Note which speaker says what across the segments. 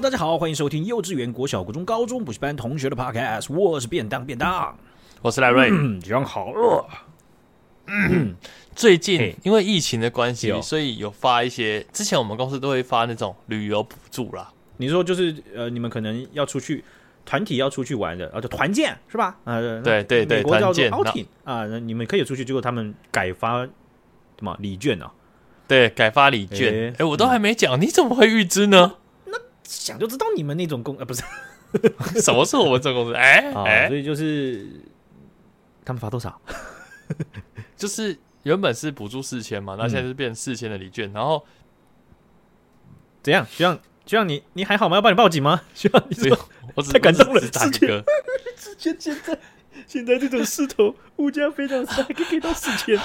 Speaker 1: 大家好，好，歡迎收聽幼稚園、國小、國中、高中補習班同學的 Podcast。我是便當便當，我是賴瑞、嗯。講好了，嗯、
Speaker 2: 最近因為疫情的關係，所以有發一些。之前我們公司都會發
Speaker 1: 那種旅遊補助啦。你說就是呃，你們可能要出去團體要出去玩的，而、啊、就團建是吧？呃、啊，對對對，對對對美國叫做 Oting, 團建。啊，你們可以出去，結果他們改發什麼禮券啊、哦？對，改發禮券。哎、欸欸，我都還沒講、嗯，你怎麼會預知呢？想就知道你們那種工，呃，不是， 什麼是我們這公司哎哎、欸欸，所以就是他們發多少，就
Speaker 2: 是原本是補助四千嘛，那現在是變四千的禮券、嗯，然後
Speaker 1: 怎樣？徐浪，徐浪你你還好嗎？要幫你報警嗎？徐浪，你我太感動了，
Speaker 2: 四千， 現在現在這種勢頭，物價非常漲，可以給到四千，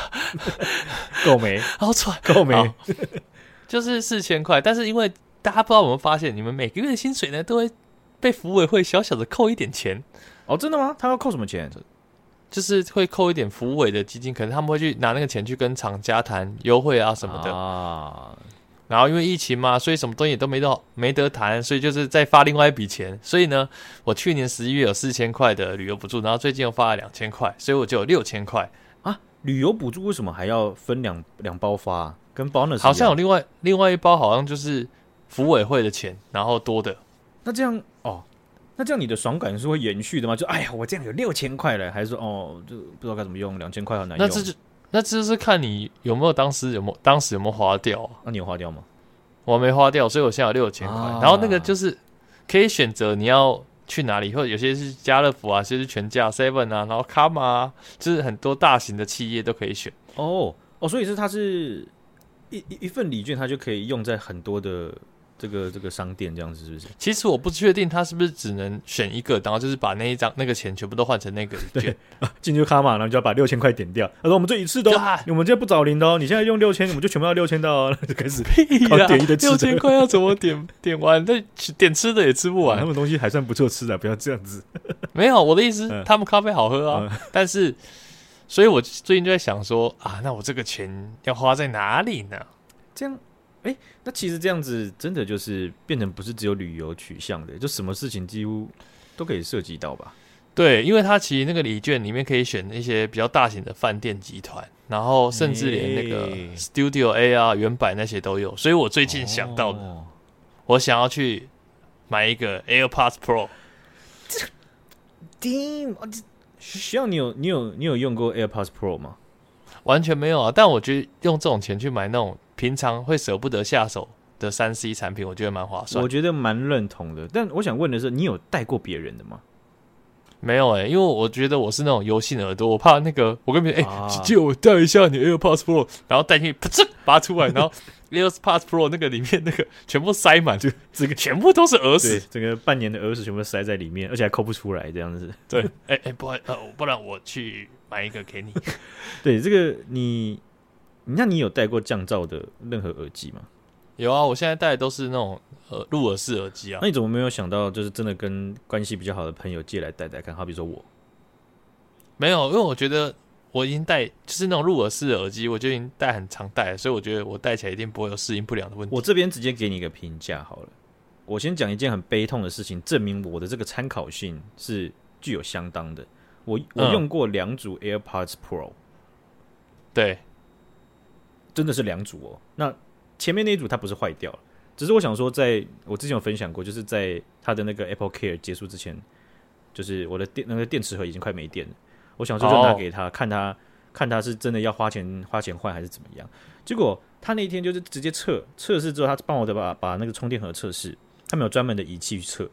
Speaker 2: 夠沒？好賺，夠沒？ 就是四千塊，但是因為。大家不知道，我們發現你們每個月的薪水呢，都會被福委會小小的扣一點錢。哦，真的嗎？他要扣什麼錢？就是會扣一點福委的基金，可能他們會去拿那個錢去跟廠家談優惠啊什麼的。啊。然後因為疫情嘛，所以什麼東西都沒得沒得談，所以就是再發另外一筆錢。所以呢，我去年十一月有四千塊的旅遊補助，然後最近又發了兩千塊，所以我就有六千塊
Speaker 1: 啊。旅遊補助為什麼還要分兩兩包發？跟 bonus，好像有另外另外一包，好像就是。福委會的錢，然後多的，那這樣哦，那這樣你的爽感是會延續的嗎？就哎呀，我這樣有六千塊嘞，還是說哦，就不知道該怎麼用，兩千塊好難用。那這就
Speaker 2: 那這就是看你有沒有當時有沒有當時有沒有花掉啊？那你有花掉嗎？我還沒花掉，所以我現在有六千塊。然後那個就是可以選擇你要去哪裡，或者有些是家樂福啊，就是全家、Seven 啊，然後卡馬啊，就是很多大型的企業都可以選。
Speaker 1: 哦哦，所以是它是一一一份禮券，它就可以用在很多的。這個這個商店這樣子是不是？其實我不確定他是不是只能選一個，然後就是把
Speaker 2: 那一張那個錢全部都換成那個券。對，進去卡嘛，然後就要把六千塊點掉。
Speaker 1: 他說我們就一次都就啊，我們這一次都，我們現在不找零哦。你現在用六千，我們就全部要六千到，然後就開始。屁點一的吃，六千塊要怎麼點
Speaker 2: 點完？那點吃的也吃不完，他、啊、們
Speaker 1: 東西還算不錯吃的、啊，不要這樣子。
Speaker 2: 沒有，我的意思、嗯，他們咖啡好喝啊、嗯，但是，所以我最近就在想說啊，那我這個錢要花
Speaker 1: 在哪裡呢？這樣。誒，那其實這樣子真的就是變成不是只有旅遊取向的，就什麼事情幾乎都可以涉及到
Speaker 2: 吧？對，因為他其實那個禮券裡面可以選一些比較大型的飯店集團，然後甚至連那個 Studio A 啊、欸、原版那些都有。所以我最近想到的、哦，我想要去買一個 AirPods Pro。這，
Speaker 1: 丁，這需要你有你有你有用過 AirPods Pro 嗎？
Speaker 2: 完全沒有啊，但我覺得用這種錢去買那種。平常會捨不得下手的三 C 產品，我覺得蠻划算的。我覺得蠻認同的，但我想問的是，你有帶過別人的嗎？沒有誒、欸，因為我覺得我是那種油性的耳朵，我怕那個我跟別人哎就、啊欸、借我帶一下你 AirPods Pro，然後帶進去噗呲拔出來， 然後 AirPods Pro 那個裡面那個
Speaker 1: 全部塞滿，就整個全部都是耳屎，整個半年的耳屎全部塞在裡面，而且還摳不出來這樣子。對，
Speaker 2: 誒、欸、誒、欸，不然、呃、不然我去買一個給你。
Speaker 1: 對，這個你。那你有戴過降噪的任何耳機嗎？
Speaker 2: 有啊，我現在戴的都
Speaker 1: 是那種呃入耳式耳機啊。那你怎麼沒有想到，就是真的跟關係比較好的朋友借來戴戴看？好比說我沒有，因為我覺得我已經戴就是那種入耳式耳機，我就已經戴很常戴，所以我覺得我戴起來一定不會有適應不良的問題。我這邊直接給你一個評價好了，我先講一件很悲痛的事情，證明我的這個參考性是具有相當的。我我用過兩組 AirPods Pro，嗯，對。真的是兩組哦。那前面那一組它不是壞掉了，只是我想說在，在我之前有分享過，就是在他的那個 Apple Care 結束之前，就是我的電那個電池盒已經快沒電了。我想說就拿給他看，他、oh. 看他是真的要花錢花錢換還是怎麼樣。結果他那一天就是直接測測試之後，他幫我的把把那個充電盒測試，他沒有專門的儀器去測，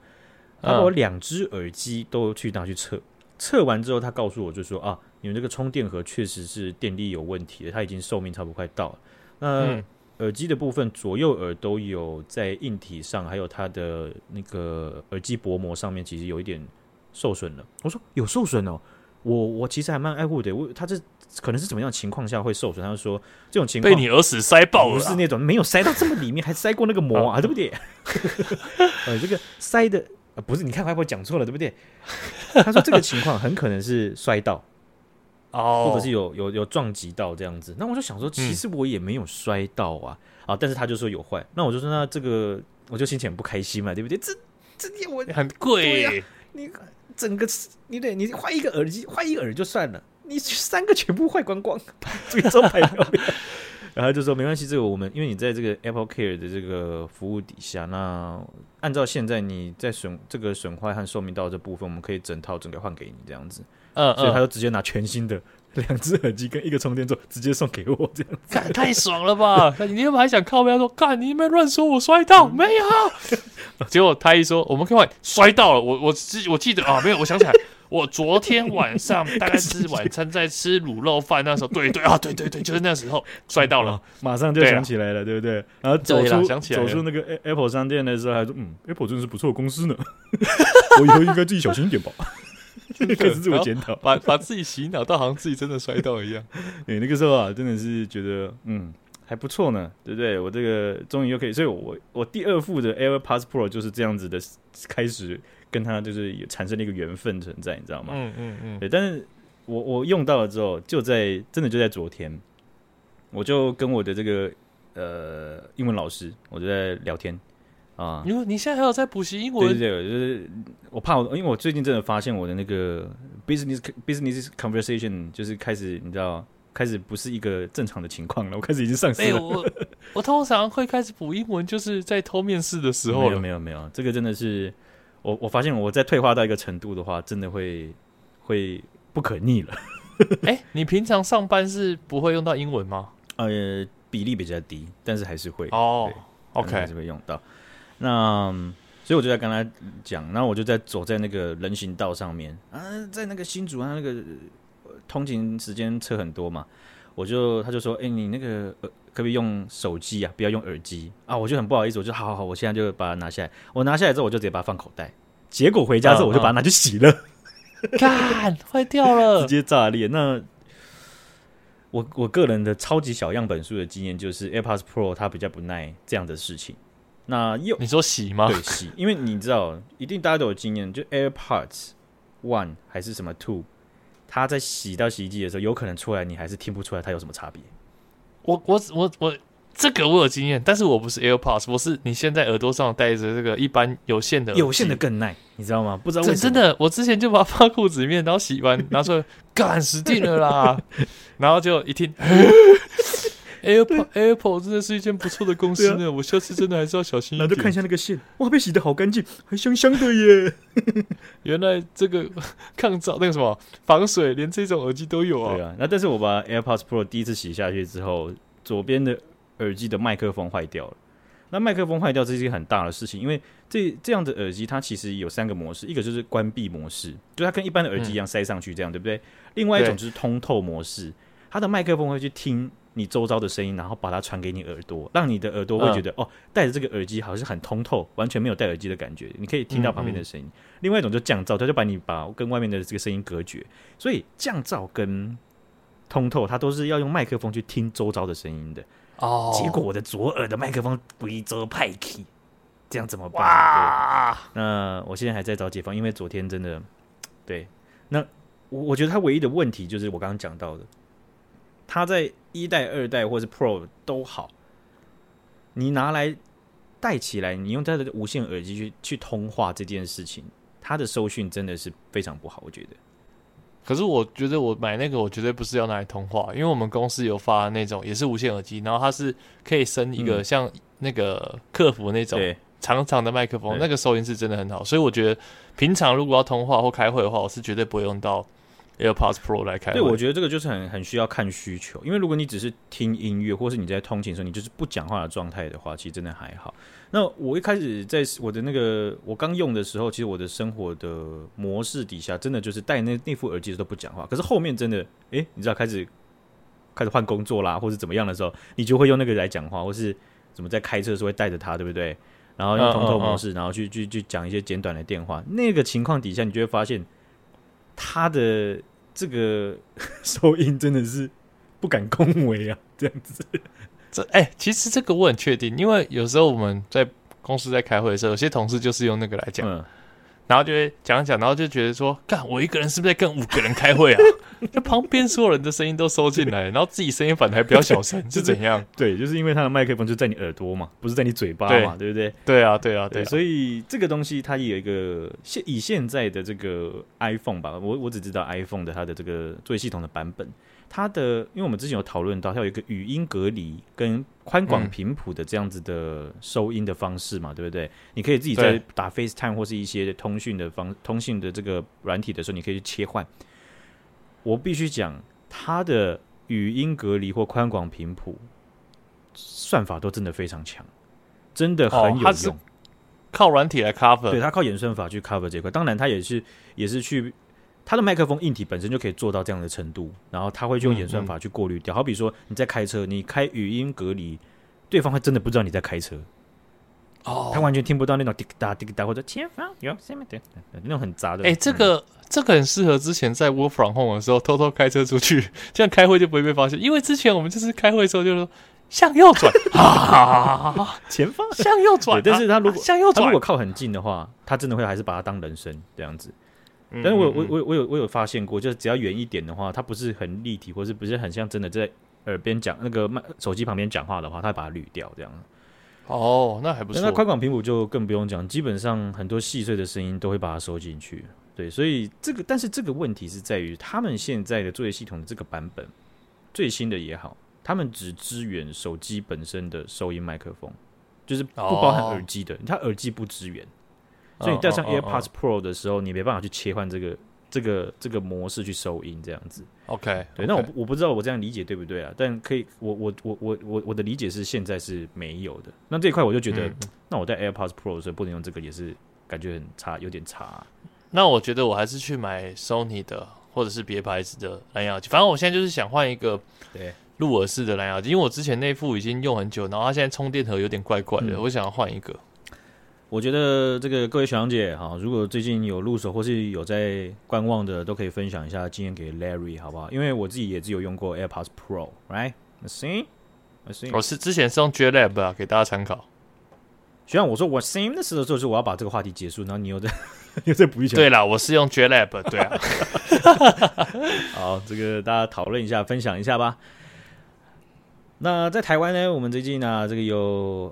Speaker 1: 他把我兩隻耳機都去拿去測。嗯測完之後，他告訴我，就說啊，你們這個充電盒確實是電力有問題的，它已經壽命差不多快到了。那、呃嗯、耳機的部分，左右耳都有在硬體上，還有它的那個耳機薄膜上面，其實有一點受損了。我說有受損哦、喔，我我其實還蠻愛護的。我他這可能是怎麼樣的情況下會受損？他就說這種情況被你耳
Speaker 2: 屎塞爆了，啊、不是那
Speaker 1: 種沒有塞到這麼裡面， 還塞過那個膜啊，對不對？ 呃，這個塞的。不是，你看外婆講錯了，對不對？他說這個情況很可能是摔到哦， 或者是有有有撞擊到這樣子。那我就想說，其實我也沒有摔到啊、嗯，啊，但是他就說有壞。那我就說，那這個我就心情很不開心嘛，對不對？這這天我很貴我你整個你得你壞一個耳機壞一個耳機就算了，你三個全部壞光光，追着 然後就說沒關係，這個我們因為你在這個 Apple Care 的這個服務底下，那按照現在你在損這個損壞和壽命到的這部分，我們可以整套整個換給你這樣子。嗯、呃呃、所以他就直接拿全新的兩隻耳機跟一個充電座直接送給我，這樣看太爽
Speaker 2: 了吧？你有沒有還想靠邊說，看你有沒有亂說，我摔到、嗯、沒有？ 結果他一說，我們可以換，摔到了，我我記我記得啊，沒有，我想起來。 我昨天晚上大概是晚餐，在吃滷肉飯那時候，對對啊，對
Speaker 1: 對對，就是那時候摔到了、 嗯啊，馬上就想起來了，對，對不對？然後走出想起來了走出那個 Apple 商店的時候，還說：“嗯，Apple 真的是不錯的公司呢。 ”我以後應該自己小心一點吧，開始自我檢討， 把把自己洗腦到好像自己真的摔到一樣。哎， 那個時候啊，真的是覺得嗯。還不錯呢，對不對？我這個終於又可以，所以我我第二副的 AirPods Pro 就是這樣子的，開始跟他就是產生了一個緣分存在，你知道嗎？嗯嗯嗯。對，但是我我用到了之後，就在真的就在昨天，我就跟我的這個呃英文老師，我就在聊天啊。因為你現在還有在補習英文？對對，對，我就是我怕我，因為我最近真的發現我的那個 business business conversation 就是開始，你知道。開始不是一個正常的情況了，我開始已經上。失了，欸。我我通常會開始補英文，就是在偷面試的時候了 沒有。沒有沒有，這個真的是我我發現我在退化到一個程度的話，真的會會不可逆了，欸。
Speaker 2: 哎，你平常上
Speaker 1: 班是不會用到英文嗎？ 呃，比例比較低，但是還是會哦，oh,。OK，還是會用到。那所以我就在跟他講，那我就在走在那個人行道上面啊，在那個新竹他，啊，那個。通勤時間車很多嘛，我就他就說，哎、欸，你那個呃，可不可以用手機啊，不要用耳機啊，我就很不好意思，我就好好好，我現在就把它拿下來。我拿下來之後，我就直接把它放口袋。結果回家之後，我就把它拿去洗了，
Speaker 2: 幹、哦、
Speaker 1: 壞、哦、 掉了，直接炸裂。那我我個人的超級小樣本數的經驗就是 AirPods Pro 它比較不耐這樣的事情。那又你說洗嗎？對洗，嗯，因為你知道，一定大家都有經驗，就 AirPods One 還是什麼 Two。他在洗到洗衣機的時候，有可能出來，你還是聽不出來它有什麼差別。我我我我，這個我有經驗，但是我不是 AirPods，我是你現
Speaker 2: 在耳朵上戴着這個一般有線的，有線的
Speaker 1: 更耐，你知道嗎？不知道真的，
Speaker 2: 我之前就把它放褲子裡面，然後洗完拿出來，
Speaker 1: 幹，死定了啦，
Speaker 2: 然後就一聽。 AirPod AirPod 真的是一件不錯的公司呢，啊，我下次真的還是要小心一點。看一下那個
Speaker 1: 線，哇，被洗得好乾淨，還香香的耶！
Speaker 2: 原來這個
Speaker 1: 抗噪那個什麼防水，連這種耳機都有啊。對啊，那但是我把 AirPods Pro 第一次洗下去之後，左邊的耳機的麥克風壞掉了。那麥克風壞掉，這是一個很大的事情，因為這這樣的耳機它其實有三個模式，一個就是關閉模式，就它跟一般的耳機一樣塞上去這樣，嗯，對不對？另外一種就是通透模式，它的麥克風會去聽。你周遭的聲音，然後把它傳給你耳朵，讓你的耳朵會覺得、嗯、哦，戴着這個耳機好像是很通透，完全沒有戴耳機的感覺，你可以聽到旁邊的聲音。嗯嗯，另外一種就降噪，它就把你把跟外面的這個聲音隔絕。所以降噪跟通透，它都是要用麥克風去聽周遭的聲音的哦。結果我的左耳的麥克風貴州派 k 這樣，怎麼辦？那我現在還在找解放，因為昨天真的對。那我覺得他唯一的問題就是我剛剛講到的。它在一代、二代或是 Pro 都好，你拿來戴起來，你用它的無線耳機去去通話這件事情，它的收訊真的是非常不好。我覺得。可是我覺得我買那個，我絕對不是要拿來通話，因為我們公司有
Speaker 2: 發那種也是無線耳機，然後它是可以伸一個像那個客服那種長長的麥克風、嗯，那個收音是真的很好。所以我覺得平常如果要通話或開會的話，
Speaker 1: 我是絕對不會用到。AirPods Pro 來開。對，我覺得這個就是很很需要看需求，因為如果你只是聽音樂，或是你在通勤的時候，你就是不講話的狀態的話，其實真的還好。那我一開始在我的那個我剛用的時候，其實我的生活的模式底下，真的就是戴那那副耳機都不講話。可是後面真的，誒、欸，你知道開始開始換工作啦，或是怎麼樣的時候，你就會用那個來講話，或是怎麼在開車的時候會帶着它，對不對？然後用通透模式，uh, uh, uh. 然後去去去講一些簡短的電話。那個情況底下，你就會發現它的。這個收音真的是不敢恭維啊！這樣子，
Speaker 2: 這哎、欸，其實這個我很確定，因為有時候我們在公司在開會的時候，有些同事就是用那個來講，嗯、然後就會講講，然後就覺得說，幹，我一個人是不是在跟五個人開會啊？ 那 旁邊所有人的聲音都收進來，然後自己聲音反而還比較小聲， 是怎樣？
Speaker 1: 對，就是因為它的麥克風就在你耳朵嘛，不是在你嘴巴嘛，對，對不對？對啊，對啊，對啊，對。所以這個東西它也有一個現以現在的這個 iPhone 吧，我我只知道 iPhone 的它的這個作業系統的版本，它的因為我們之前有討論到它有一個語音隔離跟寬廣頻譜的這樣子的收音的方式嘛、嗯，對不對？你可以自己在打 FaceTime 或是一些通訊的方通訊的這個軟體的時候，你可以去切換。我必須講，它的語音隔離或寬廣頻譜算法，都真的非常強，真的很有用。哦、靠軟體來 cover，對，它靠演算法去 cover 這塊。當然，它也是也是去它的麥克風硬體本身就可以做到這樣的程度，然後它會用演算法去過濾掉嗯嗯。好比說你在開車，你開語音隔離，對方會真的不知道你在開車。哦，他完全聽不到那種滴答滴答或者前方有下面點那種很雜的。哎、欸，這
Speaker 2: 個。這個很適合之前在 work from home 的時候偷偷開車出去，這樣開會就不會被發現。因為之前我
Speaker 1: 們就是開會的時候就是說向右轉，啊 前方
Speaker 2: 向右轉，啊。 但是它如果向右轉，如果
Speaker 1: 靠很近的話，它真的會還是把它當人聲這樣子。但是我我我，我有我有發現過，就是只要遠一點的話，它不是很立體，或是不是很像真的在耳邊講那個麥手機旁邊講話的話，它會把它濾掉這樣。哦，那還不錯。那寬廣頻譜就更不用講，基本上很多細碎的聲音都會把它收進去。對，所以這個，但是這個問題是在於他們現在的作業系統的這個版本，最新的也好，他們只支援手機本身的收音麥克風，就是不包含耳機的，oh. 它耳機不支援，所以你戴上 AirPods Pro 的時候，oh, oh, oh, oh. 你也沒辦法去切換這個這個這個模式去收音這樣子。OK, okay. 對，那我我不知道我這樣理解對不對啊？但可以，我我我我我我的理解是現在是沒有的。那這一塊我就覺得，嗯。那我戴 AirPods Pro 的時候不能用這個，也是感覺很差，有點差啊。那我覺得我還是去買
Speaker 2: Sony 的，或者是別牌子的藍牙機。反正我現在就是想換一個對入耳式的藍牙機，因為我之前那副已經用很久，然後它現在充電盒有點怪怪的，嗯、我想要換一個。
Speaker 1: 我覺得這個各位小楊姐哈，如果最近有入手或是有在觀望的，都可以分享一下經驗給 Larry 好不好？因為我自己也是有用過 AirPods Pro，Right？Same，Same、哦。我是之前是用 JLab、啊、給大家參考。雖然我說我 Same 的時候，就是我要把這個話題結束，然後你又在。 補 一，對了，我是用 JLab，對啊。 好，這個大家討論一下，分享一下吧。那在台灣呢，我們最近呢、啊，這個有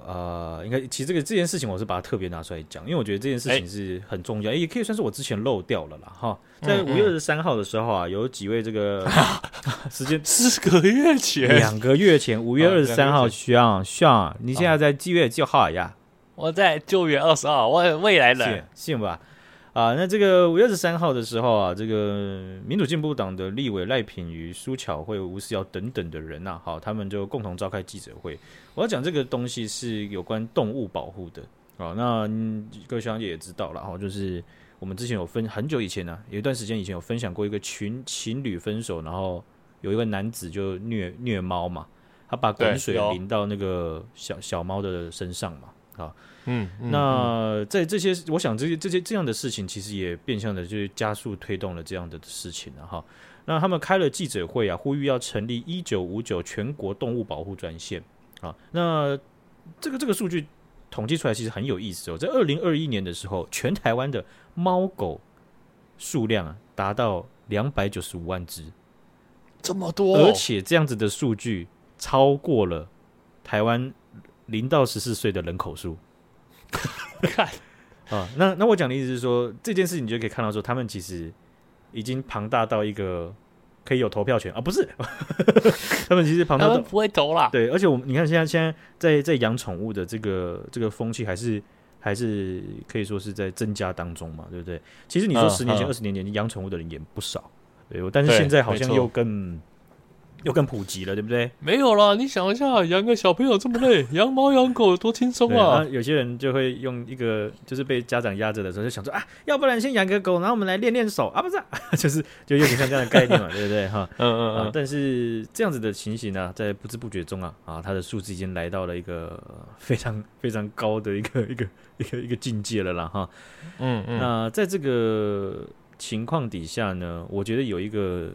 Speaker 1: 呃，應該其實這個這件事情，我是把它特別拿出來講，因為我覺得這件事情是很重要，欸、也可以算是我之前漏掉了啦。哈，在五月二十三號的時候啊，有幾位這個、嗯嗯、時間 四個月前，
Speaker 2: 兩個月前、哦，兩個
Speaker 1: 月前，五月二十三號，徐昂，徐昂，你現在在幾月幾號呀？我在九月二十號，我很未來的信吧。啊，那這個五月十三號的時候啊，這個民主進步黨的立委賴品瑜、蘇巧慧、吳思瑤等等的人吶、啊，好，他們就共同召開記者會。我要講這個東西是有關動物保護的啊。那各位小姐也知道了，哈，就是我們之前有分很久以前呢、啊，有一段時間以前有分享過一個情情侶分手，然後有一個男子就虐虐貓嘛，他把滾水淋到那個小小,小貓的身上嘛，啊。嗯，嗯，嗯，那在這些，我想這些這些這樣的事情，其實也變相的就是加速推動了這樣的事情了、啊、哈。那他們開了記者會啊，呼籲要成立一九五九全國動物保護專線啊。那這個這個數據統計出來，其實很有意思哦。在二零二一年的時候，全台灣的貓狗數量啊達到兩百九十五萬隻，
Speaker 2: 這麼多、哦，而且
Speaker 1: 這樣子的數據超過了台灣零到十四歲的人口數。 看 啊，那那我講的意思是說，這件事情你就可以看到說，他們其實已經龐大到一個可以有投票權啊，不是？ 他們其實龐大到，他們不會投了。對，而且我們你看現，現在現在在在養寵物的這個這個風氣，還是還是可以說是在增加當中嘛，對不對？其實你說十年前、二、啊、十年前你養寵、啊、物的人也不少，對，但是現在好像又更。又更普及了，對不對？沒有啦，你想一下，養個小朋友這麼累，養貓養狗有多輕鬆啊， 啊！有些人就會用一個，就是被家長壓着的時候，就想說啊，要不然先養個狗，然後我們來練練手啊，不是、啊， 就是就有點像這樣的概念嘛， 對不對哈？嗯嗯嗯、啊。但是這樣子的情形呢、啊，在不知不覺中啊啊，它的數字已經來到了一個非常非常高的一個一個一個一個，一個境界了啦哈。嗯嗯。那、啊、在這個情況底下呢，我覺得有一個。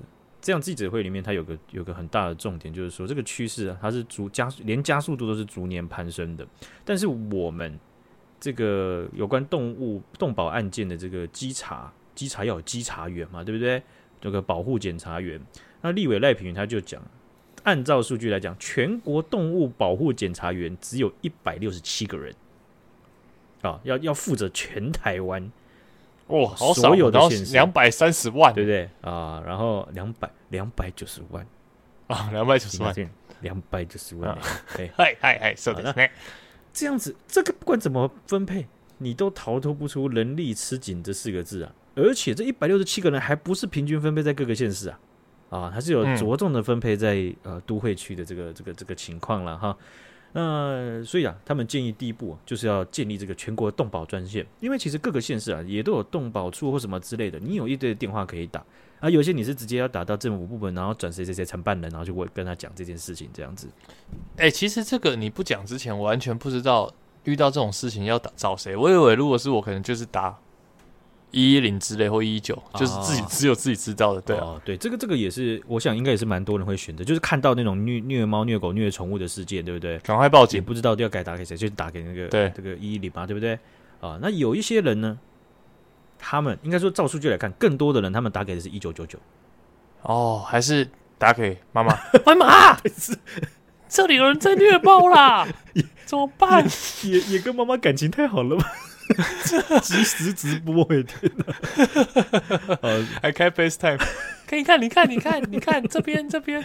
Speaker 1: 這樣記者會裡面，它有個有個很大的重點，就是說這個趨勢啊，它是逐加速，連加速度都是逐年攀升的。但是我們這個有關動物動保案件的這個稽查，稽查要有稽查員嘛，對不對？這個保護檢察員，那立委賴品妤他就講，按照數據來講，全國動物保護檢察員只有一百六十七個人，啊，要要負責全台灣。哇、哦，所有的縣市兩百三十萬，對不對啊？然後兩百兩百九十萬啊，兩百九十萬，兩百九十萬、啊哎 哎 哎。哎，哎，哎，收、哎哎、這樣子，這個不管怎麼分配，你都逃脫不出“人力吃緊”這四個字啊。而且這一百六十七個人還不是平均分配在各個縣市啊，啊，還是有着重的分配在、嗯、呃都會區的這個這個這個情況了哈。那所以啊，他們建議第一步、啊、就是要建立這個全國動保專線，因為其實各個縣市啊也都有動保處或什麼之類的，你有一堆電話可以打，而、啊、有些你是直接要打到政府部門，然後轉誰誰誰承辦人，然後就會跟他講這件事情
Speaker 2: 這樣子。誒、欸，其實這個你不講之前，我完全不知道遇到這種事情要打找誰，我以為如果是我，可能就是打。一一零之類或一一九，就是自己只有自己知道
Speaker 1: 的。對、啊、哦，對這個這個也是，我想應該也是蠻多人會選擇，就是看到那種虐虐貓、虐狗、虐寵物的事件，對不對？趕快報警，不知道要該打給誰，就是、打給那個、呃、這個一一零嘛，對不對？啊，那有一些人呢，他們應該說，照數據來看，更多的人他們打給的是一九九九。哦，還是打給媽媽？
Speaker 2: 媽媽，這裡有人在虐貓啦？怎麼辦？
Speaker 1: 也也跟媽媽感情太好了嗎？即 時直，直，直播也、欸、對，還開 FaceTime，
Speaker 2: 可以看你看你看你看 這邊這邊，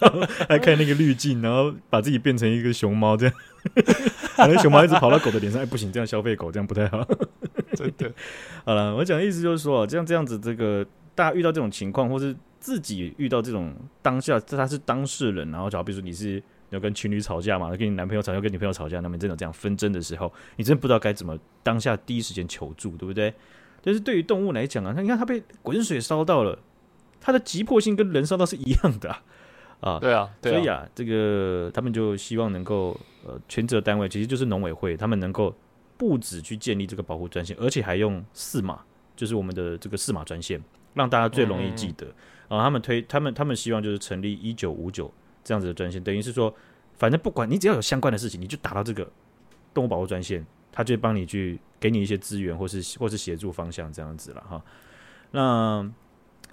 Speaker 1: 還開那個濾鏡， 然後把自己變成一個熊貓這樣，反 正熊貓一直跑到狗的臉上，哎、 欸、不行，這樣消費狗這樣不太好。 真的好了，我講的意思就是說，這樣這樣子，這個大家遇到這種情況，或是自己遇到這種當下，這他是當事人，然後假如比如說你是。要跟情侶吵架嘛？要跟你男朋友吵，要跟女朋友吵架，那麼真的這樣紛爭的時候，你真的不知道該怎麼當下第一時間求助，對不對？但是對於動物來講啊，你看它被滾水燒到了，它的急迫性跟人燒到是一樣的啊，啊，對啊。對啊，所以啊，這個他們就希望能夠呃，全責單位其實就是農委會，他們能夠不止去建立這個保護專線，而且還用四碼，就是我們的這個四碼專線，讓大家最容易記得然後、嗯嗯啊、他們推他們他們希望就是成立一九五九。這樣子的專線，等於是說，反正不管你只要有相關的事情，你就打到這個動物保護專線，他就幫你去給你一些資源或是或是協助方向這樣子了哈。那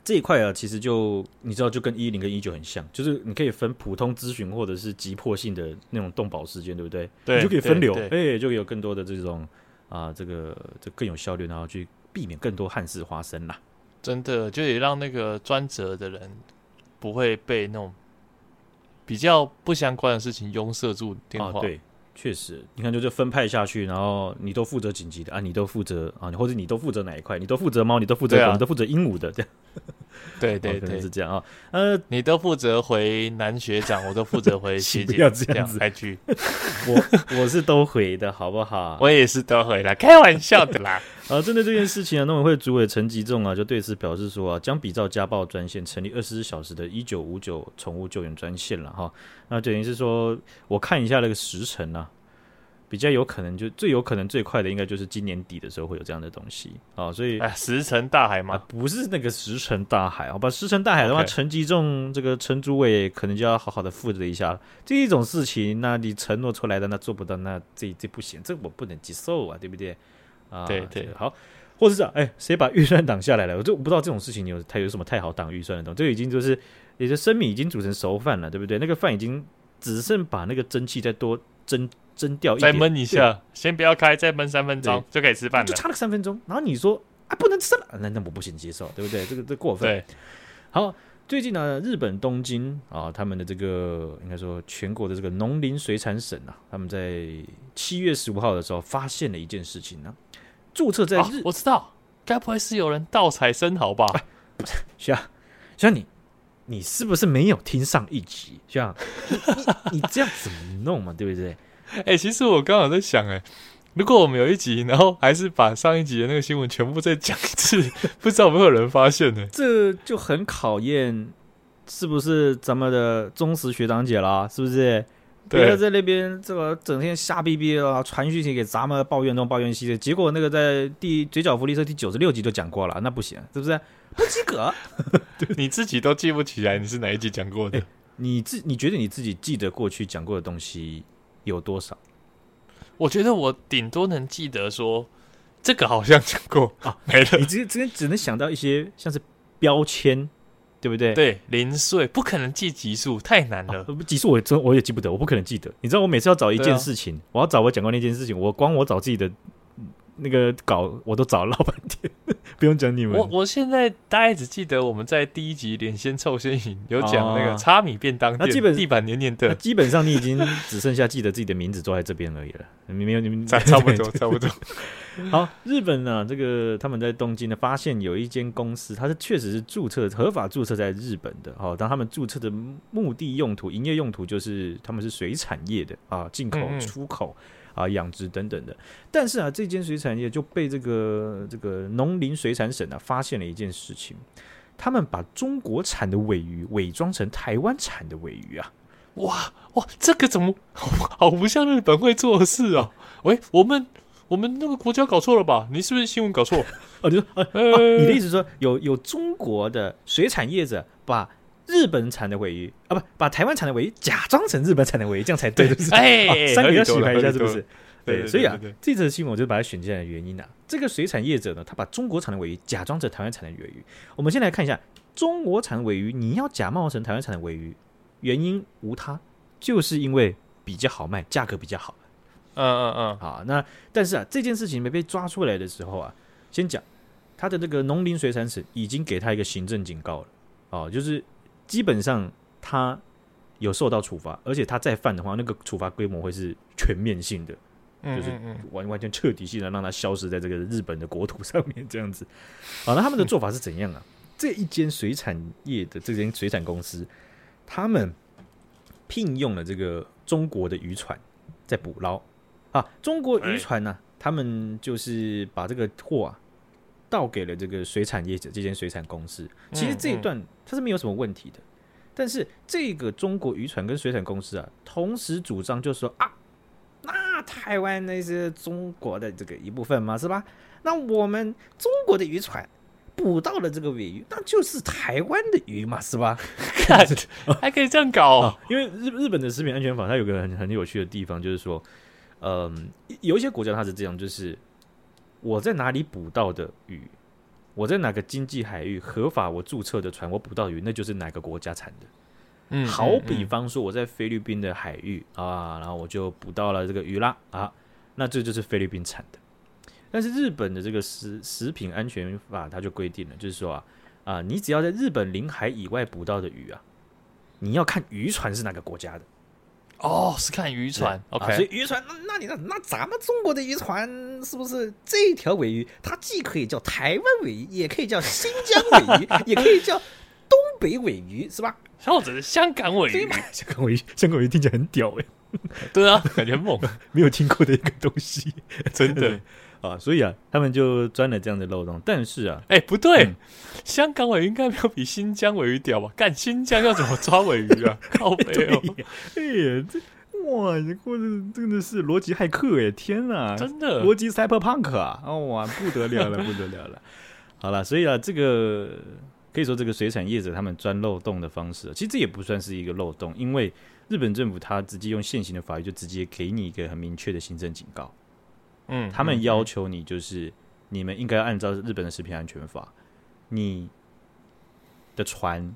Speaker 1: 這一塊啊，其實就你知道，就跟一零跟一九很像，就是你可以分普通諮詢或者是急迫性的那種動保事件，對不對？對，你就可以分流，哎、欸，就有更多的這種啊、呃，這個就更有效率，然後去避免更多憾事發生啦。真的就
Speaker 2: 得讓那個專責的人不會被那種。比較不相關的事情，擁塞住電話，啊，對，確實，
Speaker 1: 你看，就是分派下去，然後你都負責緊急的啊，你都負責啊，或者你都負責哪一塊？你都負責貓，你都負責狗，啊，你都負責鸚鵡的這樣。對呵呵對對對、哦，是
Speaker 2: 這樣啊、哦。呃，你都負責回男學長，我都負責回
Speaker 1: 學姐 要這，這樣子才去？
Speaker 2: 我我是都回的 好不好、啊？我也是都回的開玩笑的啦。啊
Speaker 1: 哦，針對這件事情啊，農委會主委陳吉仲啊，就對此表示說啊，將比照家暴專線，成立二十四小時的一九五九寵物救援專線了哈、哦。那等於是說，我看一下那個時程呢、啊。比較有可能就最有可能最快的應該就是今年底的時候會有這樣的東西啊，所以、哎、石沉大海嘛、啊，不是那個石沉大海啊，把、啊、石沉大海的話，okay. 陳吉仲這個陳主委可能就要好好的負責一下了。這種事情，那你承諾出來的那做不到，那這這不行，這我不能接受啊，對不對？啊，對對,對，好，或者是哎，誰、欸、把預算擋下來了？我就不知道這種事情有，你有它有什麼太好擋預算的東西？這個、已經就是你的生米已經煮成熟飯了，對不對？那個飯已經只剩把那個蒸汽再多。蒸蒸掉一再燜一下、
Speaker 2: 啊，先不要開，再燜三分鐘就可以吃飯了，就差
Speaker 1: 了三分鐘，然後你說啊，不能吃了，那那我不行接受，對不對？這個這個這個、過分對。好，最近呢、啊，日本東京啊，他們的這個應該說全國的這個農林水產省啊，他們在七月十五號的時候發現了一件事情呢、啊，註冊在日、啊，我知道，該不會是有人盜採生蠔吧、啊？不是，行，像你。你是不是沒有聽上一集？像你，你這樣怎麼弄嘛？ 對不對？哎、欸，其實我剛好在想、欸，哎，如果我們有一集，然後還是把上一集的那個新聞全部再講一次， 不知道有沒有人發現呢、欸？這就很考驗是不是咱們的忠實學長姐啦、啊，是不是？別人在那邊這個整天瞎逼逼啊，傳訊息給咱們抱怨東抱怨西的。結果那個在第嘴角福利社第九十六集就講過了，那不行，是不是、啊？ 不及格。 對，你自己都記不起來你是哪一集講過的？欸、你自你覺得你自己記得過去講過的東西有多少？
Speaker 2: 我覺得我頂多能記得說這個好像講過啊，
Speaker 1: 沒了。你這這只能想到一些像是標籤。對不對？
Speaker 2: 對，零碎不可能記集數，太難了。啊、
Speaker 1: 集數我真我也記不得，我不可能記得。你知道我每次要找一件事情，啊、我要找我講過那件事情，我光我找自己的。那個稿我都找了老半天， 不用講你們。我
Speaker 2: 我現在大概只記得我們在第一集“連先湊先贏”有講那個差米便當、哦，那基本地板黏黏的。基本
Speaker 1: 上你已經只剩下記得自己的名字坐在這邊而已了， 沒有你們差不多 差不多。好，日本呢、啊，這個他們在東京呢，發現有一間公司，它是確實是註冊合法註冊在日本的。好、哦，當他們註冊的目的用途、營業用途就是他們是水產業的啊，進口、嗯、出口。啊，養殖等等的，但是啊，這間水產業就被這個這個農林水產省呢、啊、發現了一件事情，他們把中國產的鮪魚偽裝成台灣產的鮪魚啊！哇哇，這個怎麼好，好不像日本會做的事啊。喂，我們我們那個國家搞錯了吧？你是不是新聞搞錯啊？你說啊、呃、啊，你的意思說有有中國的水產業者把？日本產的鮪魚啊不，不把台灣產的鮪魚假裝成日本產的鮪魚，這樣才對，是不是？哎，三爺要喜歡一下，是不是？對，所以啊，對對對對這次新聞我就把它選進來的原因啊，這個水產業者呢，他把中國產的鮪魚假裝成台灣產的鮪魚。我們先來看一下，中國產的鮪魚你要假冒成台灣產的鮪魚，原因無他，就是因為比較好賣，價格比較好。嗯嗯嗯，好、啊，那但是啊，這件事情沒被抓出來的時候啊，先講他的那個農林水產省已經給他一個行政警告了，哦、啊，就是。基本上，他有受到處罰，而且他再犯的話，那個處罰規模會是全面性的，嗯嗯嗯，就是完完全徹底性的，讓他消失在這個日本的國土上面這樣子。好、啊，那他們的做法是怎樣啊？ 這一間水產業的這間水產公司，他們聘用了這個中國的漁船在捕撈啊，中國漁船呢、啊欸，他們就是把這個貨啊。倒給了這個水產業者，這間水產公司，其實這一段、嗯嗯、它是沒有什麼問題的。但是這個中國漁船跟水產公司啊，同時主張就是說啊，那台灣那是中國的這個一部分嘛，是吧？那我們中國的漁船捕到了這個鮪魚，那就是台灣的魚嘛，是吧？ 還可以這樣搞、哦哦？因為日日本的食品安全法，它有個很很有趣的地方，就是說，嗯，有一些國家它是這樣，就是。我在哪裡捕到的魚？我在哪個經濟海域合法？我註冊的船，我捕到魚，那就是哪個國家產的？
Speaker 2: 好比
Speaker 1: 方說，我在菲律賓的海域啊，然後我就捕到了這個魚啦啊，那這就是菲律賓產的。但是日本的這個食食品安全法，它就規定了，就是說啊啊，你只要在日本領海以外捕到的魚啊，你要看漁船是哪個國家的。
Speaker 2: 哦，是看漁船，OK，、啊、所以漁
Speaker 1: 船那那你那那咱們中國的漁船是不是這條鮪魚？它既可以叫台灣鮪魚，也可以叫新疆鮪魚， 也可以叫東北鮪魚，是吧？小伙子，是香港鮪魚，魚，香港鮪魚，香港鮪魚聽起來很屌哎、欸，對啊，感覺猛沒有聽過的一個東西，真的。啊，所以啊，他們就鑽了這樣的漏洞。但是啊，哎、欸，不對，嗯、香港鮪應該沒有比新疆鮪魚屌吧？幹新疆要怎麼抓鮪魚啊？ 靠北、哦！哎呀，欸、這哇，你過的真的是邏輯駭客哎！天哪、啊，真的邏輯賽博 punk 啊！哇，不得了了，不得了了！ 好了，所以啊，這個可以說這個水產業者他們鑽漏洞的方式，其實這也不算是一個漏洞，因為日本政府他直接用現行的法律就直接給你一個很明確的行政警告。嗯，他們要求你就是，嗯、你們應該要按照日本的食品安全法，你的船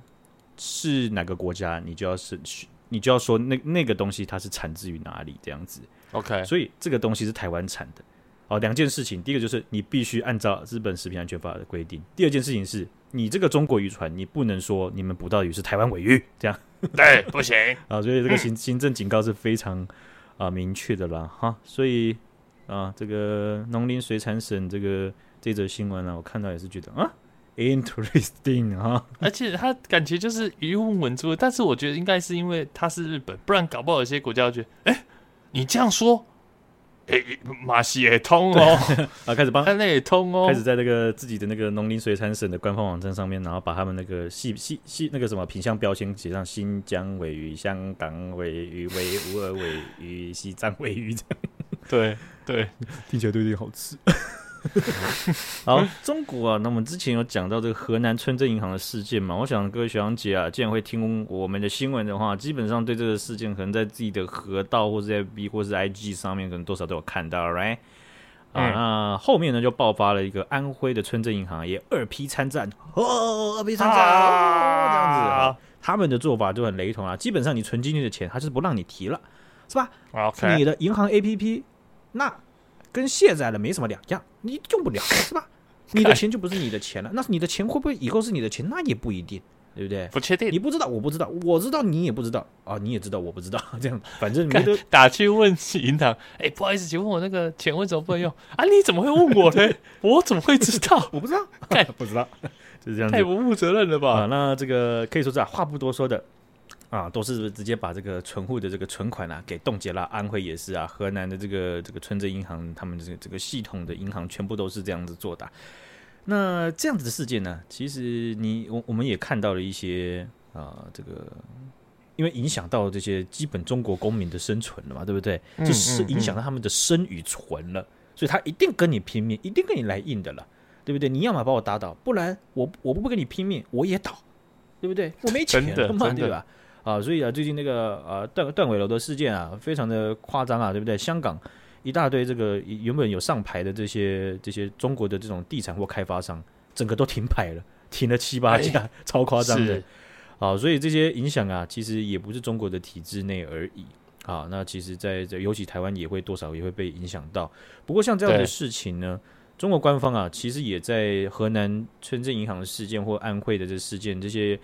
Speaker 1: 是哪個國家，你就要是，去，你就要說那那個東西它是產自於哪裡這樣子。OK，所以這個東西是台灣產的。哦，兩件事情，第一個就是你必須按照日本食品安全法的規定，第二件事情是你這個中國漁船，你不能說你們捕到魚是台灣鮪魚這樣， 對，不行啊。所以這個行、嗯、行政警告是非常啊、呃、明確的啦哈，所以。啊，這個農林水產省這個這則新聞呢、啊，我看到也是覺得啊，interesting 啊，
Speaker 2: 而且他感覺就是漁翁穩住，但是我覺得應該是因為他是日本，不然搞不好有些國家就覺得，哎、欸，你
Speaker 1: 這樣說，
Speaker 2: 哎、欸，馬戲也通哦，
Speaker 1: 啊，開始幫，那也通哦，開始在那個自己的那個農林水產省的官方網站上面，然後把他們那個細細細那個什麼品項標籤寫上新疆鮪魚、香港鮪魚、維吾爾鮪魚、西藏鮪魚這樣，對。對，聽起來都有點好吃。 好，中國啊，那我們之前有講到這個河南村鎮銀行的事件嘛，我想各位學長姐啊，既然會聽我們的新聞的話，基本上對這個事件可能在自己的河道或者在 FB 或是 IG 上面，可能多少都有看到，right？嗯、啊，那後面呢就爆發了一個安徽的村鎮銀行也二批參戰，哦，二批參戰、啊，這樣子啊、哦，他們的做法就很雷同啊，基本上你存進去的錢，他就是不讓你提了，是吧、okay. 你的銀行 APP。那跟卸載了沒什麼兩樣，你用不了了，是吧？你的錢就不是你的錢了，那你的錢會不會以後是你的錢？那也不一定，對不對？不確定，你不知道，我不知道，我知道你也不知道啊，你也知道我不知道，這樣反正你打去問銀行。哎，不好意思，請問我那個錢為什麼不能用 啊？你
Speaker 2: 怎麼會問我呢？ 我怎麼會知道？我不知
Speaker 1: 道， 不知道，就這樣。太不負責任了吧？啊、那這個可以說這樣話不多說的。啊，都是直接把這個存戶的這個存款啊給凍結了。安徽也是啊，河南的這個這個村鎮銀行，他們這個、這個系統的銀行全部都是這樣子做的、啊。那這樣子的事件呢，其實你我我們也看到了一些啊，這個因為影響到這些基本中國公民的生存了嘛，對不對？嗯、就是影響到他們的生與存了，嗯嗯、所以他一定跟你拼命、嗯，一定跟你來硬的了，對不對？你要麼把我打倒，不然我我不跟你拼命，我也倒，對不對？我沒錢了嘛，對吧？啊，所以啊，最近那個啊，斷斷尾樓的事件啊，非常的誇張啊，對不對？香港一大堆這個原本有上牌的這些這些中國的這種地產或開發商，整個都停牌了，停了七八家，哎、超誇張的。啊，所以這些影響啊，其實也不是中國的體制內而已。啊，那其實在這尤其台灣也會多少也會被影響到。不過像這樣的事情呢，中國官方啊，其實也在河南村鎮銀行的事件或安徽的這事件這些。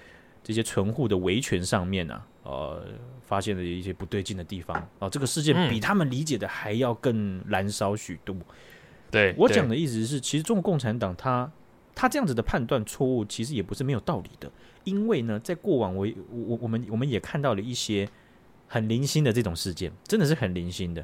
Speaker 1: 這些存戶的維權上面呢、啊，呃，發現了一些不對勁的地方啊。這個事件比他們理解的還要更燃燒許多。嗯、對，對。我講的意思是，其實中國共產黨他他這樣子的判斷錯誤，其實也不是沒有道理的。因為呢，在過往我我我們我們也看到了一些很零星的這種事件，真的是很零星的。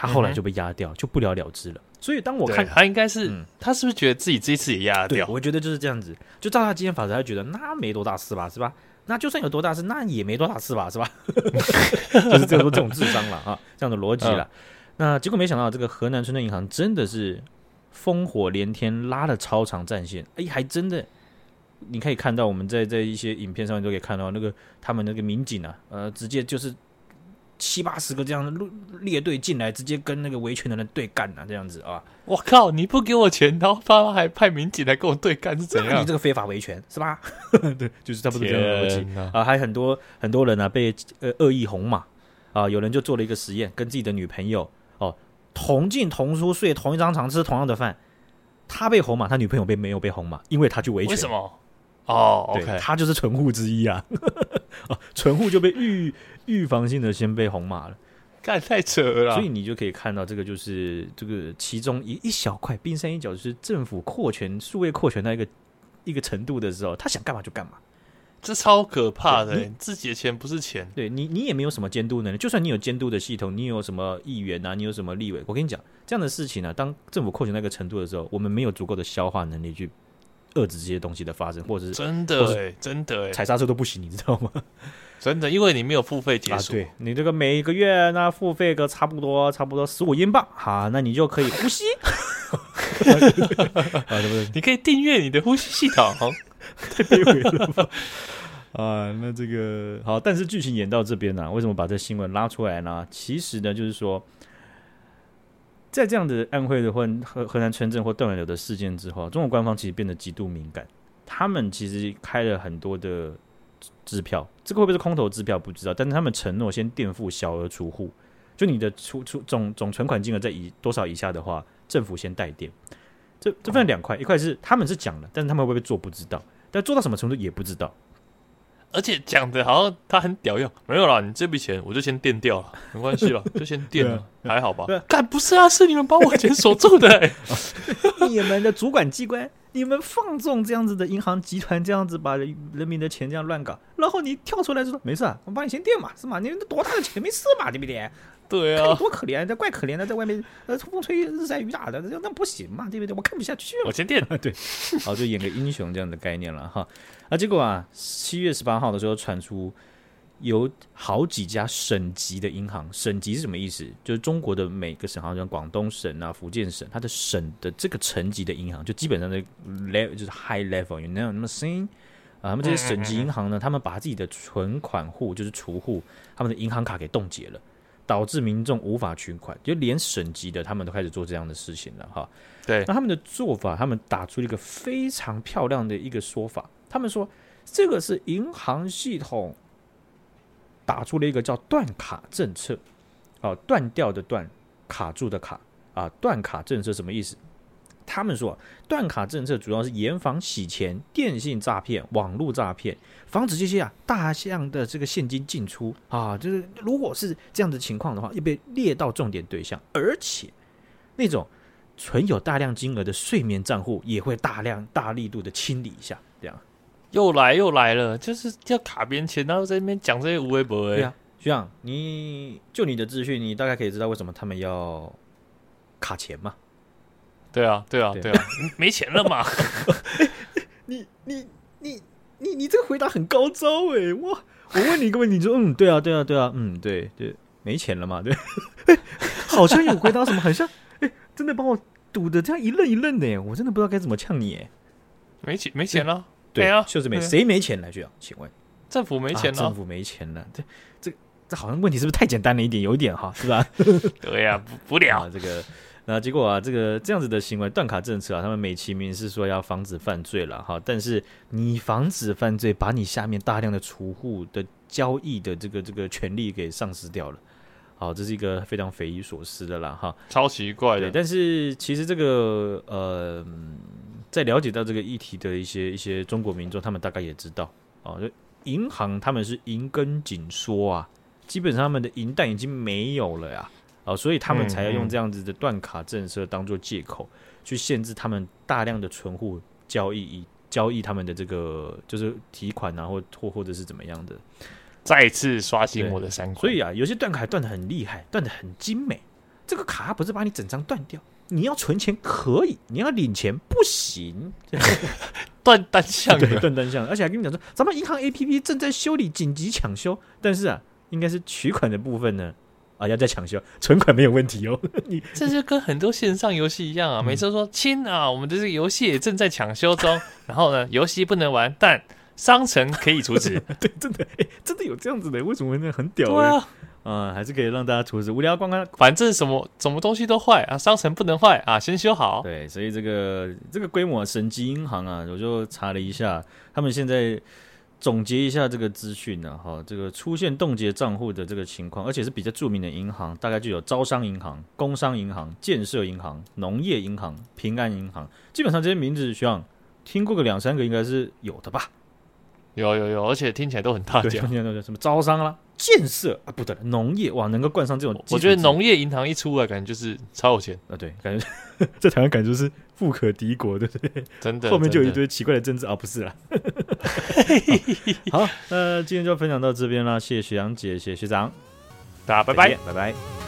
Speaker 1: 他後來就被壓掉，嗯，就不了了之了。所以當我看他，應該是、嗯、他是不是覺得自己這次也壓得掉？對，我覺得就是這樣子。就照他今天法則，他覺得那沒多大事吧，是吧？那就算有多大事，那也沒多大事吧，是吧？ 就是這種這種智商了 啊，這樣的邏輯了，嗯。那結果沒想到，這個河南村鎮銀行真的是烽火連天，拉了超長戰線。哎，還真的，你可以看到我們在在一些影片上面都可以看到那個他們那個民警啊，呃，直接就是。七八十個這樣的列隊進來，直接跟那個維權的人對幹啊，這樣子啊！我靠，你不給我錢，然後爸爸還派民警來跟我對幹，是怎樣？啊、你這個非法維權是吧？ 對，就是差不多這樣的邏輯啊，還很多很多人呢、啊、被呃惡意紅碼啊，有人就做了一個實驗，跟自己的女朋友哦、啊、同進同出睡，同一張床，吃同樣的飯，他被紅碼，他女朋友被沒有被紅碼，因為他去維權，為什麼哦、oh,？OK，對他就是存戶之一啊。 啊，存戶就被預 預防性的先被紅碼了，幹，太扯了。所以你就可以看到，這個就是這個其中一一小塊冰山一角，就是政府擴權、數位擴權那一個一個程度的時候，他想幹嘛就幹嘛，這超可怕的。自己的錢不是錢，對你，你也沒有什麼監督能力。就算你有監督的系統，你有什麼議員啊，你有什麼立委？我跟你講，這樣的事情呢、啊，當政府擴權那個程度的時候，我們沒有足夠的消化能力去。遏制這些東西的發生，或者是真的，真的，真的，踩剎車都不行，你知道嗎？真的，因為你沒有付費解鎖，啊。你這個每一個月那付費個差不多，差不多十五英鎊，哈，那你就可以呼吸， 啊。對不對？你可以訂閱你的呼吸系統，哦， 太卑微了吧！啊，那這個好，但是劇情演到這邊呢，啊，為什麼把這新聞拉出來呢？其實呢，就是說。在這樣的安徽的或河河南村鎮或斷流的事件之後，中國官方其實變得極度敏感。他們其實開了很多的支票，這個會不會是空頭支票不知道。但是他們承諾先墊付小額儲戶，就你的出出總總存款金額在以多少以下的話，政府先代墊。這這分兩塊，一塊是他們是講了，但是他們會不會做不知道，但做到什麼程度也不知道。
Speaker 2: 而且講的好像他很屌樣，沒有啦。你這筆錢我就先墊掉了，沒關係吧，就先墊了， 還好吧？幹
Speaker 1: 不是啊，是你們把我錢鎖
Speaker 2: 住的，欸，
Speaker 1: 你們的主管機關，你們放縱這樣子的銀行集團，這樣子把人，人民的錢這樣亂搞，然後你跳出來就說沒事，啊，我幫你先墊嘛，是嘛？你那多大的錢沒事嘛，對不對？對啊，多可憐，這怪可憐的，在外面，呃，風吹日曬雨打的，那不行嘛，對不對？我看不下去了。我先墊了，對， 好，就演個英雄這樣的概念了哈。啊，結果啊，七月十八號的時候傳出有好幾家省級的銀行，省級是什麼意思？就是中國的每個省，好像廣東省啊、福建省，它的省的這個層級的銀行，就基本上的 level 就是 high level，you know，那麼 thing，啊，他們這些省級銀行呢，他們把自己的存款戶，就是儲戶，他們的銀行卡給凍結了。導致民眾無法取款，就連省級的他們都開始做這樣的事情了，哈。對，那他們的做法，他們打出了一個非常漂亮的一個說法，他們說這個是銀行系統打出了一個叫“斷卡”政策，啊，斷掉的斷，卡住的卡，啊，斷卡政策什麼意思？他們說，斷卡政策主要是嚴防洗錢、電信詐騙、網路詐騙，防止這些啊大項的這個現金進出啊。就是如果是這樣的情況的話，又被列到重點對象，而且那種存有大量金額的睡眠賬戶也會大量大力度的清理一下。這樣又來又來了，就是要卡邊錢，然後在那邊講這些無微博。對啊，徐陽，你就你的資訊，你大概可以知道為什麼他們要卡錢嘛。對啊，對，啊對啊，對啊，對啊，沒錢了嘛？哎、你你你你你，你這個回答很高招哎、欸！我我問你一個問題，你說嗯，對啊，對啊，對啊，嗯，對，對，沒錢了嘛？對，哎、好像有回答什麼，好 像哎，真的把我堵得這樣一愣一愣的哎、欸，我真的不知道該怎麼嗆你哎、欸！沒錢，沒錢了，哎哎、對，對啊，就是沒，誰沒錢了就、啊、要？請問政府沒錢了，政府沒錢了，啊、錢了這這這好像問題是不是太簡單了一點，有點哈，是吧？ 對呀、啊，補不，不了這個。那、啊、結果啊，這個這樣子的行為斷卡政策啊，他們美其名是說要防止犯罪了哈，但是你防止犯罪，把你下面大量的儲戶的交易的這個這個權利給喪失掉了，好，這是一個非常匪夷所思的啦哈，超奇怪的。但是其實這個呃，在了解到這個議題的一些一些中國民眾，他們大概也知道啊，就銀行他們是銀根緊縮啊，基本上他們的銀彈已經沒有了呀、啊。哦，所以他們才要用這樣子的斷卡政策當做借口嗯嗯，去限制他們大量的存戶交易以，以交易他們的這個就是提款啊，或或或者是怎麼樣的，再次刷新我的三觀。所以啊，有些斷卡斷得很厲害，斷得很精美。這個卡不是把你整張斷掉，你要存錢可以，你要領錢不行， 斷單向，斷單向，而且還跟你講說，咱們銀行 APP 正在修理，緊急搶修，但是啊，應該是取款的部分呢。啊，要再搶修，存款沒有問題哦。你這就跟很多線上遊戲一樣啊，嗯、每次
Speaker 2: 說親啊，我們的這個遊戲也正在搶修中， 然後呢，遊戲不能玩，但商城可以充值 。
Speaker 1: 對，真的、欸，真的有這樣子的、欸，為什麼呢？很屌、欸啊。啊，嗯，
Speaker 2: 還是
Speaker 1: 可以讓大家充值，無聊光看，反正什麼什麼東西都壞啊，商城不能壞啊，先修好。對，所以這個這個規模神級銀行啊，我就查了一下，他們現在。總結一下這個資訊呢，哈，這個出現凍結賬戶的這個情況，而且是比較著名的銀行，大概就有招商銀行、工商銀行、建設銀行、農業銀行、平安銀行，基本上這些名字像，像望聽過個兩三個，應該是有的吧？有有有，而且聽起來都很大，講聽講什麼招商啦、啊、建設啊，不對，農業哇，能夠冠上這種我，我覺得農
Speaker 2: 業銀行一出來、啊，感覺就是超有錢啊，對，感覺呵
Speaker 1: 呵在台灣感覺是富可敵國，對不對？真的，後面就有一堆奇怪的政治的啊，不是啦。呵呵 哦、好，那今天就分享到這邊了，謝謝許洋姐，謝謝學長，大家拜拜、哎，拜拜。